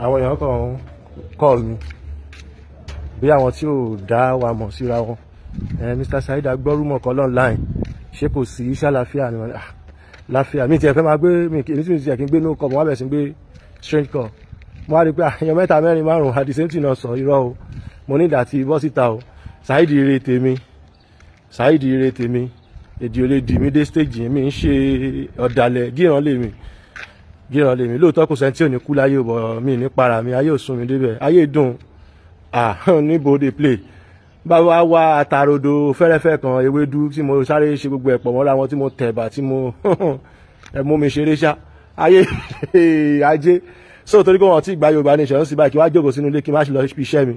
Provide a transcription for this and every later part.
àwọn èèyàn kan call mi bí àwọn tí ò dá wa mọ̀ síra wọn Mr. Saheed agbọ́rúmọ̀ kan online ṣé kò sí ṣàlàáfíà ni wọ́n ah, láfíà mi ti ẹ̀ fẹ́ máa gbé mi èmi tí mi ti ẹ̀ kí n gbé no call mo wá bẹ̀ sí gbé strange call mo wá rí i pé àyàn ah, mẹ́ta mẹ́rin márùn-ún at the same thing. náà sọ irọ́ o mo ní ìdàtí bọ́ síta o Saheed ire tèmi Saheed ire tèmi èdè ò lè dì mí dé stage yẹn mi ń ṣe ọ̀dàlẹ̀ gíran lèmi gíràn lèmi lóòótọ́ kò sẹ́ni tí kú láyé bọ̀ mí ní para mi ayé ò mi débẹ̀ ayé dùn ah níbo dey play báwa wá àtàròdo fẹ́rẹ́fẹ́ kan ewédú tí mo sáré ṣe gbogbo ẹ̀pọ̀ mọ́ra wọn tí mo tẹ̀bà tí mo ẹ̀ mi ṣeré ṣá ayé e, ajé so torí pé wọn ti gba yorùbá nation ó sì kí wọ́n jókòó sínú ilé kí n má ṣe lọ fi iṣẹ́ mi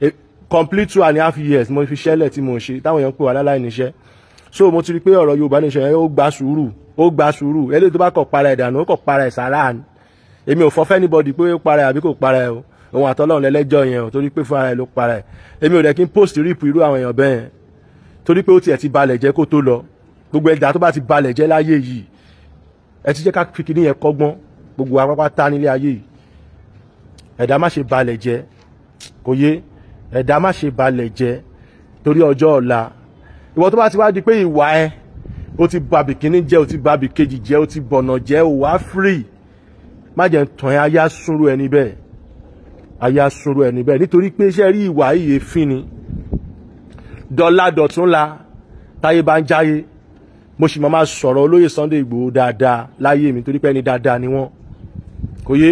e, complete two and a half years mo fi ṣẹlẹ̀ tí mo ṣe táwọn èèyàn pè wá láláì níṣẹ́ so mo ti rí pé ọ̀rọ̀ yorùbá nation yẹn ó gba sùúrù ó gba sùúrù eléyìí tó bá kọ̀ para ẹ̀ dànù ó kọ̀ para ẹ̀ sàrà ni èmi ò fọ́fẹ́ anybody pé ó para ẹ̀ àbí kò para ẹ̀ o òun àtọ́lọ́run lẹ́lẹ́jọ́ yẹn o torí pé fún ara ẹ̀ ló para ẹ̀ èmi ò dẹ̀ kí n post rip irú àwọn èèyàn bẹ́ẹ̀ torí pé ó tiẹ̀ ti balẹ̀ jẹ́ kó tó lọ gbogbo ẹ̀dá tó bá ti balẹ̀ jẹ́ láyé yìí ẹ ti jẹ́ ká fi kíní yẹn kọ́gbọ́n gbogbo apápá nílé ayé yìí ẹ̀dá má ṣe balẹ̀ jẹ́ kò yé ẹ̀dá má ṣe balẹ̀ jẹ́ torí ọjọ́ ọ̀la ìwọ tó bá ti wá di pé ìwà ẹ o ti ba bìkíní jẹ́ o ti ba bìkejì jẹ́ o ti bọ̀nà jẹ́ o wá free má jẹ́ tàn yẹn ayá sunru ẹni bẹ́ẹ̀ ayá sunru ẹni bẹ́ẹ̀ nítorí pé iṣẹ́ rí ìwà ìyè fín ni dọ́là dọ̀tún la táyé bá ń jáyé mo sì máa sọ̀rọ̀ olóyè Sunday Ìgbòho dáadáa láyé mi torí pé ẹni dáadáa ni wọ́n kò yé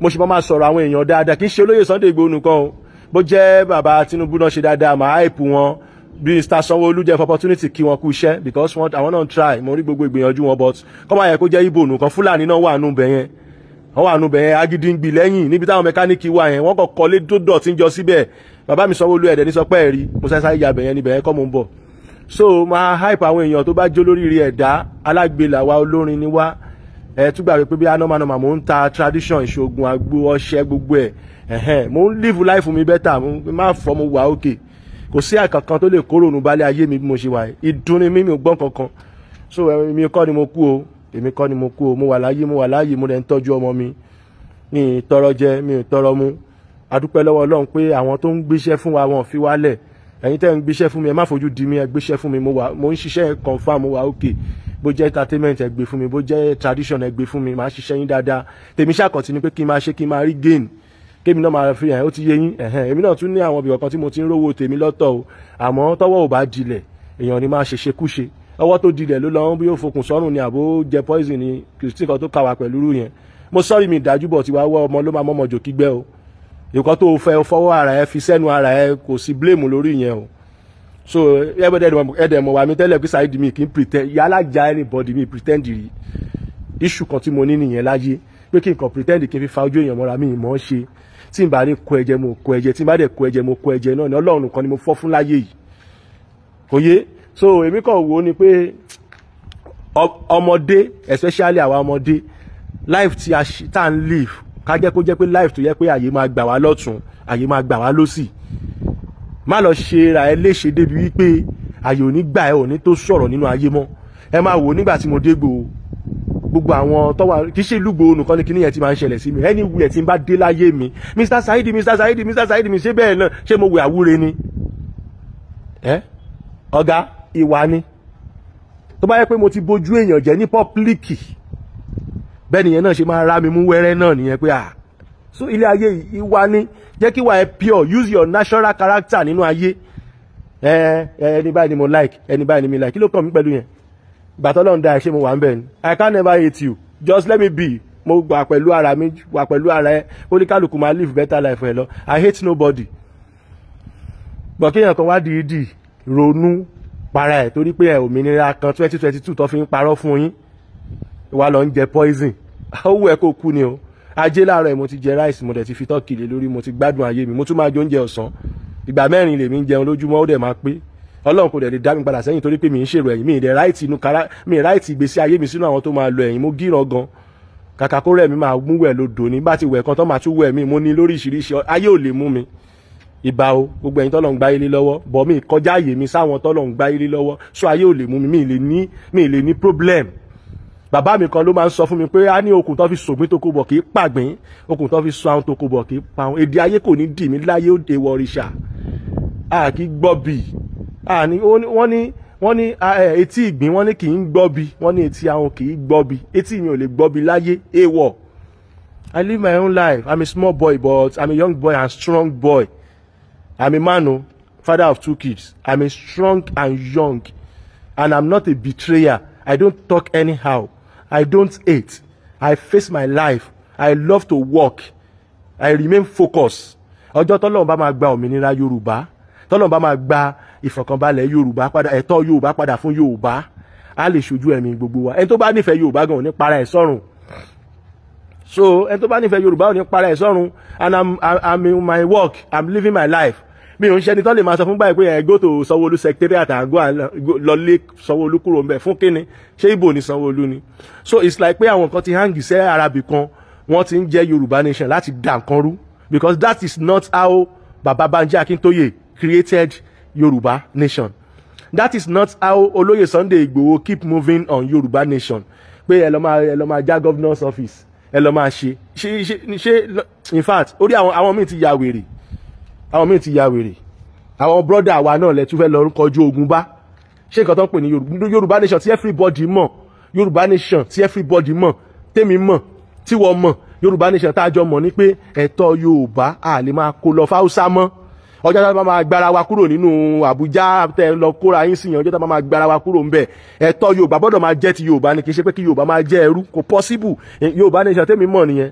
mo sì máa sọ̀rọ̀ àwọn èèyàn dáadáa kì í ṣe olóyè Sunday Ìgbòho nìkan o bó jẹ́ bàbá Tinubu náà ṣe dáadáa màá àìpù wọn Mr. Sanwó-Olú jẹ́ opportunity kí wọ́n kú iṣẹ́ because wọ́n àwọn náà try mo rí gbogbo ìgbìyànjú wọn but kọ́ máa yẹ kó jẹ́ ibo nìkan Fúlàní náà wà nù bẹ̀ yẹn wọ́n wà nù bẹ̀ yẹn agidigbi lẹ́yìn níbi táwọn mẹkáníìkì wà yẹn wọ́n kọ̀ kọ́lé tó dọ̀tí ń jọ síbẹ̀ bàbá mi Sanwó-Olú ẹ̀dẹ̀ ní sọ pé ẹ̀rí mo sáré sáré yàbẹ̀ yẹn níbẹ̀ yẹn kọ́ mo ń bọ̀ so máa hype àwọn èèyàn tó bá jó lóríire ẹ̀dá alágbèlà wa olórin ni wá ẹ tún gbàgbé pé bí anọ́mọ́nọ́mọ́ mò ń ta tradition ìṣògùn àgbo ọṣẹ gbogbo ẹ̀ mo ń live life mi better mo máa fọ́ mo wà okay kò sí àkànkan tó lè kóró òun balẹ̀ ayé mi bí mo ṣe wà yìí ìdùnnú mi mi ò gbọ́n kankan so èmi kọ́ ni mo kú o èmi kọ́ ni mo kú o mo wà láyé mo wà láyé mo rẹ̀ ń tọ́jú ọmọ mi mi ì tọrọ jẹ mi ì tọrọ mu adúpẹ́ lọ́wọ́ ọlọ́run pé àwọn tó ń gbéṣẹ́ fún wa wọn fi wá lẹ̀ ẹ̀yin tẹ́ ń gbéṣẹ́ fún mi ẹ má fojú di mi ẹ gbéṣẹ́ fún mi mo wà mo ń ṣiṣẹ́ confam mo wà okay bó jẹ́ entertainment ẹ gbé fún mi bó jẹ́ tradition ẹ gbé fún mi màá ṣiṣẹ́ yín dáadáa tèmi ṣàkọ̀tì ni pé kí n máa ṣe kí n máa rí gain kémi náà máa fi hàn ó ti yé yín ẹ̀hẹ́n èmi náà tún ní àwọn ibìkan tí mo ti ń rówó tèmi lọ́tọ̀ o àmọ́ tọ́wọ́ ò bá dilẹ̀ èèyàn ni máa ṣèṣe kúṣe ọwọ́ tó dilẹ̀ ló lọ́wọ́ bí ó fokùn sọ́rùn ni àbó jẹ poison ni kìrìsìtì kan tó kà wá pẹ̀lú rú yẹn mo sọ́rí mi ìdájú bọ̀ tí wàá wọ́ ọmọ ló máa mọ́mọ́ jò kígbẹ́ o ìkan tó fẹ́ fọwọ́ ara ẹ fi sẹ́nu ara ẹ kò sí blame lórí yẹn o so ẹ̀dẹ̀ mọ̀ wá mi tẹ́lẹ̀ pé sáyé di mi kì í pretend yálà já anybody mi pretend rí issue kan tí mo ní nìyẹn láyé pé kí n kàn pretend kí n fi fa ojú èèyàn mọ́ra mi ì ṣe tí n bá ní kó ẹ̀jẹ̀ mo kó ẹ̀jẹ̀ tí n bá dẹ̀ kó ẹ̀jẹ̀ mo kó ẹ̀jẹ̀ náà ni ọlọ́run nìkan ni mo fọ́ fún láyé yìí kò so èmi kàn wò ó ni pé ọmọdé especially àwa ọmọdé life tí a ń live ká jẹ́ kó jẹ́ pé life tó yẹ pé àyè máa gbà wá lọ́tún àyè máa gbà wá lọ́sì má lọ ṣe ra ẹ léṣe débi wípé àyè ò ní gbà ẹ ò ní tó sọ̀rọ̀ nínú ayé mọ́ ẹ máa wò ó nígbà tí mo dé gbòó gbogbo àwọn tọ́wà kì í ṣe lúgbòó nìkan ni kíní yẹn ti máa ń ṣẹlẹ̀ sí mi ẹni tí n bá dé láyé mi Mr. Saheed Mr. Saheed Mr. Saheed mi ṣé bẹ́ẹ̀ náà ṣé mo wẹ̀ àwúre ni ẹ ọ̀gá ìwà ni tó bá yẹ pé mo ti bójú èèyàn jẹ́ ní pọ́pílíkì bẹ́ẹ̀ nìyẹn náà ṣe máa rá mi mú wẹ́rẹ́ náà nìyẹn pé à so ilé ayé ìwà ni jẹ́ kí wà ẹ pure use your natural character nínú ayé ẹ ẹ ẹni báyìí ni mo like ẹni báyìí ni mi like kí ló kàn mí pẹ̀lú yẹn gbàtọ́lọ́n dá ẹ̀ṣẹ́ mo wà ń bẹ̀ ni i can never hate you just let me be mo gbà pẹ̀lú ara mi wà pẹ̀lú ara ẹ oníkálukú máa live better life ẹ lọ i hate nobody bọ̀ kéèyàn kan wá di ìdì ronú para ẹ̀ torí pé ẹ̀ òmìnira kan twenty twenty two tó fi ń parọ́ fún yín wà lọ ń jẹ poison owó ẹ kò kú ni o ajé láàárọ̀ ẹ̀ mo ti jẹ rice mo dẹ̀ ti fi tọ́kì lé lórí mo ti gbádùn ayé mi mo tún máa jẹ oúnjẹ ọ̀sán ìgbà mẹ́rin lèmi ń jẹun lójúmọ́ ó dẹ̀ máa pé ọlọ́run kò dẹ̀ lè dá mi padà sẹ́yìn torí pé mi ń ṣèrò ẹ̀yìn mi ì dẹ̀ ráìtì inú kara mi ì ráìtì ìgbésí ayé mi sínú àwọn tó máa lo ẹ̀yìn mo gíràn gan kàkà kó rẹ̀ mi máa mú wẹ̀ lodò ní bá ti wẹ̀ kan tán máa tún wẹ̀ mi mo ní lóríṣiríṣi ayé ò lè mú mi ìbá o gbogbo ẹ̀yin tọ́lọ̀ ń gbá ilé lọ́wọ́ bọ̀ mi kọjá àyè mi sáwọn tọ́lọ̀ ń gbá ilé lọ́wọ́ so ayé ò lè mú mi mi lè ní mi lè ní problem bàbá mi kan ló máa ń sọ fún mi pé a ní okùn tó fi sògbín tó kó bọ̀ kì í pàgbín okùn tó fi sọ àwọn tó kó bọ̀ kì í pa àwọn èdè ayé kò ní dì mí láyé òde wọ a kì í gbọ́ bì àní ah, wọ́n ní wọ́n ní ah, eh, etí ìgbín wọ́n ní kì í gbọ́bi wọ́n ní etí ahun kì í gbọ́bi etí mi ò lè gbọ́bi láyé èèwọ̀ I live my own life I'm a small boy but I'm a young boy and strong boy I'm a man o oh, father of two kids I'm a strong and young and I'm not a betrayer I don't talk anyhow I don't hate I face my life I love to work I remain focused ọjọ́ tọ́lọ́run bá máa gba òmìnira Yorùbá tọ́lọ́n bá máa gba ìfọ̀kànbalẹ̀ yorùbá padà ẹ̀tọ́ yorùbá padà fún yorùbá á lè ṣojú ẹ̀mí gbogbo wa ẹni tó bá nífẹ̀ẹ́ yorùbá gan ò para ẹ̀ sọ́run so ẹni tó bá nífẹ̀ẹ́ yorùbá ò para ẹ̀ sọ́run and i'm i'm in my work i'm living my life mi ò ń ṣẹni tó lè máa sọ fún báyìí pé ẹ gòtò sanwóolu secretariat àgọ́ lọlé sanwóolu kúrò ń bẹ̀ fún kíni ṣé ibo ni sanwóolu ni so it's like pé àwọn kan ti hangi sẹ́ arabi kan wọ́n ti ń jẹ́ yorùbá nation láti dà nǹkan rú because that is not how Baba Banji Akíntóyè created Yoruba nation. That is not how Oloye Sunday Igboho keep moving on Yoruba nation. Pé ẹ lọ máa ẹ lọ máa já governor's office ẹ lọ máa ṣe ṣe ṣe ṣe in fact orí àwọn àwọn míì ti ya wèrè àwọn míì ti ya wèrè àwọn brother wa náà lẹ tún fẹ́ lọ kọjú ogun bá ṣé nǹkan tó ń pè ní Yorùbá nation tí everybody mọ̀ Yoruba nation tí everybody mọ̀ tèmi mọ̀ tíwọ mọ̀ Yorùbá nation tá a jọ mọ̀ ni pé ẹ̀tọ́ Yorùbá a máa kó lọ fáwùsá mọ́ ọjọ́ tá a máa gbára wa kúrò nínú Àbújá tẹ lọ kóra yín sí yẹn ọjọ́ tá a máa gbára wa kúrò ńbẹ ẹ̀tọ́ Yorùbá gbọ́dọ̀ máa jẹ́ ti Yorùbá ni kì í ṣe pé kí Yorùbá máa jẹ́ ẹrú kò possible eh, Yorùbá nation tẹ́mi mọ̀ nìyẹn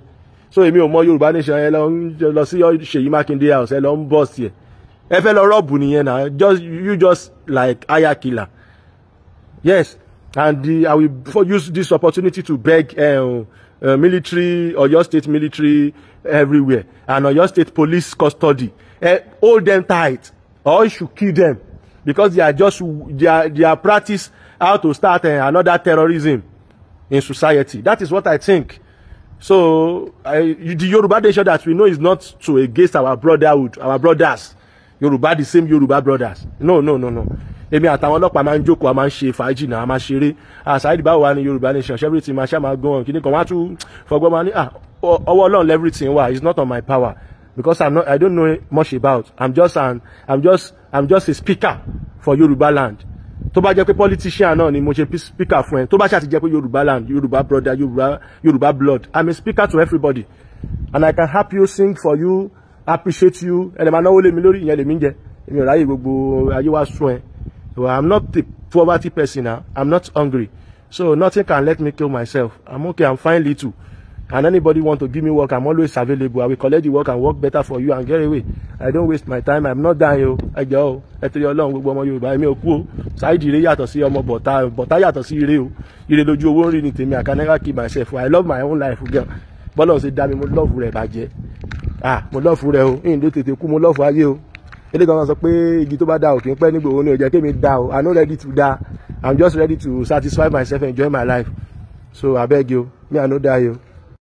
so èmi ò mọ Yorùbá nation ẹ lọ sí Ṣèyí Mákindé house ẹ lọ ń bọ̀ sí ẹ ẹ fẹ́ lọ rọ́ọ̀bù nìyẹn na just you just like aya killer yes and the, I will use this opportunity to beg. Uh, uh, military your State military everywhere and your State police custody uh, hold them tight or you should kill them because they are just they are they are practice how to start uh, another terrorism in society that is what I think so uh, the Yoruba nation that we know is not to against our brotherhood our brothers Yoruba the same Yoruba brothers no no no no èmi àtàwọn ọlọ́pàá máa ń jókòó a máa ń ṣe fàájì náà a máa ṣeré àṣàyèdè báwo wà ní Yorùbá nation everything máa ṣá máa gbọ́n kí ni kan wá tún fọgbọ́n máa ní ọwọ́ Ọlọ́run everything wà it's not on my power because I'm not, I don't know much about I'm just an I'm just I'm just a speaker for Yorùbá land tó bá jẹ́ pé politician náà ni mo ṣe speaker fún ẹ tó bá ṣàti jẹ́ pé Yorùbá land Yorùbá brother Yorùbá Yorùbá blood I'm a speaker to everybody and I can help you sing for you appreciate you ẹ lè máa náwó lé mi lórí ìyẹn lèmi ń jẹ èmi ò ráyè gbogbo ayé wa sún ẹ Well, I'm not the poverty person now. Ah. I'm not hungry. So nothing can let me kill myself. I'm okay. I'm fine little. And anybody want to give me work, I'm always available. I will collect the work and work better for you and get away. I don't waste my time. I'm not dying o. Oh. Ẹ jẹ́ o. Ẹ tẹ̀lé ọlọ́run gbogbo ọmọ Yorùbá ẹ̀mí òkú o. Oh. Ṣáìdì ire yàtọ̀ sí ọmọ bọ̀tá bọ̀tá yàtọ̀ sí ire o. Oh. Ire You owó ń rí ni tèmi. I can never keep myself. I love my own life gan. Bọ́lá ò ṣe dá mi, mo lọ́ọ̀fù rẹ̀ bàjẹ́. Ah, mo lọ́ọ̀fù rẹ̀ o. Ìyìn ló tètè kú, mo lọ́ọ̀fù ayé o ilé kan sọ pé igi to bá da òkè ń pẹ́ nígbò òun ni ò jẹ́ kémi da o i'm not ready to da i'm just ready to satisfy myself enjoy my life so I beg you, me i no die you.